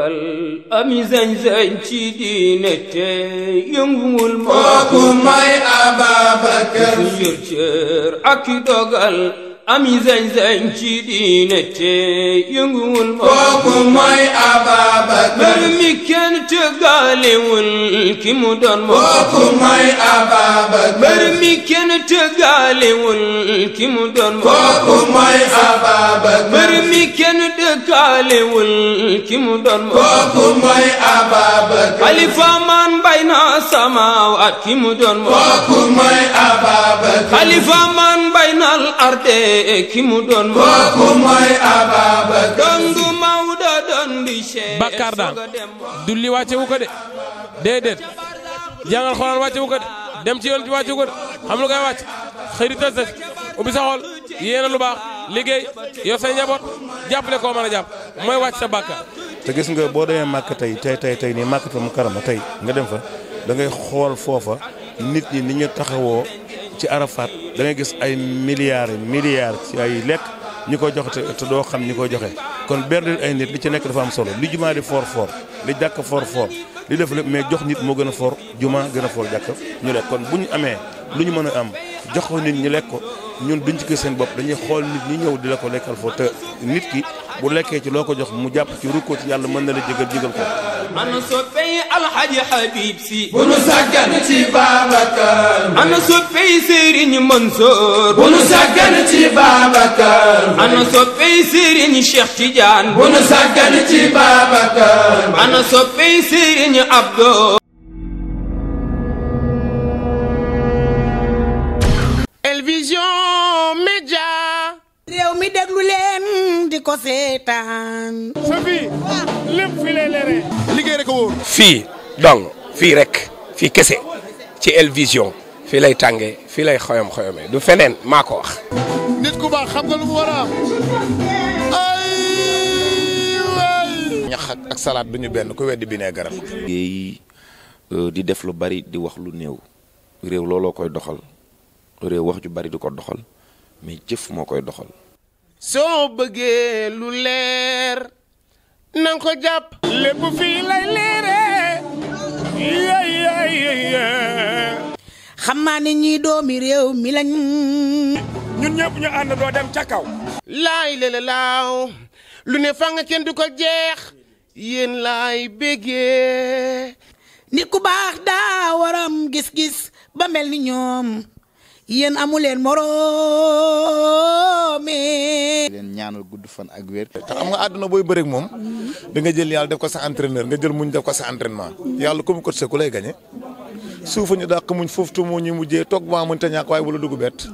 bokkal ami sañ-sañ ci diine te yënguwul moo kooku may Ababakar yor cër ak dogal ami sañ-sañ ci diine te yënguwul moo kooku may Ababakar mbir mi kenn tëggalewul ki mu doon moo kooku may Ababakar mbir mi kenn tëggalewul ki mu doon moo dëkkaalewul ki mu doon moom kooku mooy Ababacar xalifa man bay na samaawaat ki mu doon moom kooku mooy Ababacar xalifa man bay na al arde ki mu doon moom kooku mooy Ababacar dongu Maodo doon di Cheikh bakkaar daal dulli wàcce wu ko de déedéet jàngal xoolal wàcce wu ko de dem ci yoon bi wàcce wu ko de xam lu koy wàcc xëy na tës ubbi sa xol yéena lu baax liggéey yor say njaboot jàppale koo jàpp mooy wàcc sa bàkka te gis nga boo demee màkk tey tey tey tey nii màkkatul mu karama tey nga dem fa da ngay xool foofa nit ñi ni ñu taxawoo ci Arafat da ngay gis ay milliards milliards ci ay lekk ñu ko jox te doo xam ñi ko joxe kon berndeel ay nit li ci nekk dafa am solo li jumaa di foor foor li jàkk foor foor li def lépp mais jox nit moo gën a foor jumaa gën a foor jàkk ñu lekk kon bu ñu amee lu ñu mën a am jox nit ñi lekk ko ñun duñ ci seen bopp dañuy xool nit ñi ñëw di la ko lekkal foofu te nit ki bu lekkee ci loo ko jox mu jàpp ci rukkoo ci yàlla mën na la jëgal jëgal ko. ana soppey alxaji Habib si. bu nu sàggan ci Babacar. Cheikh Tidiane. média réew mi déglu leen di ko seetaan Sophie lépp fi lay leeree liggéey rek a wóor fii donc fii rek fii kese ci El Vision fii lay tànge fii lay xoyom xoyomee du feneen maa ko wax nit ku baax xam nga lu mu war ñax ak salaat du ñu benn ku weddi bi nee garab. di def lu bari di wax lu néew réew looloo koy doxal. réew wax ju bari du ko doxal mais jëf moo koy doxal. soo bëggee lu leer na ko jàpp. lépp fii lay leeree. xam naa ni ñii doomi réew mi lañ. ñun ñëpp ñu ànd doo dem ca kaw. laay lele laaw lu ne fa nga kenn du ko jeex yéen laay béggee. nit ku baax daa waram gis-gis ba mel ni ñoom. yéen amuleen moroomee. leen ñaanal gudd fan ak wér. te xam nga àdduna booy bëreek moom. da nga jël yàlla def ko sa entraîneur nga jël muñ def ko sa entraînement. yàlla comme coach ku lay gañe suufa ñu dàq muñ foofu tuuma ñu mujjee toog maa mënta ñàkk waaye wala dugg bett.